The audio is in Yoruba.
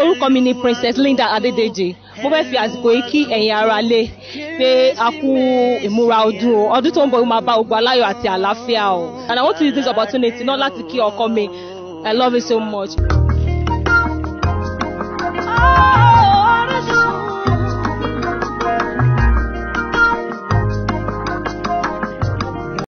orúkọ mi ni princess linda adédèjì mo fẹ́ fi àsìkò yìí kí ẹ̀yin ara lé pé a kú ìmúra ọdún o ọdún tó ń bọ̀ máa bá ogun aláyọ̀ àti àlàáfíà o and i want to use this opportunity not láti kí ọkọ mi i love you so much.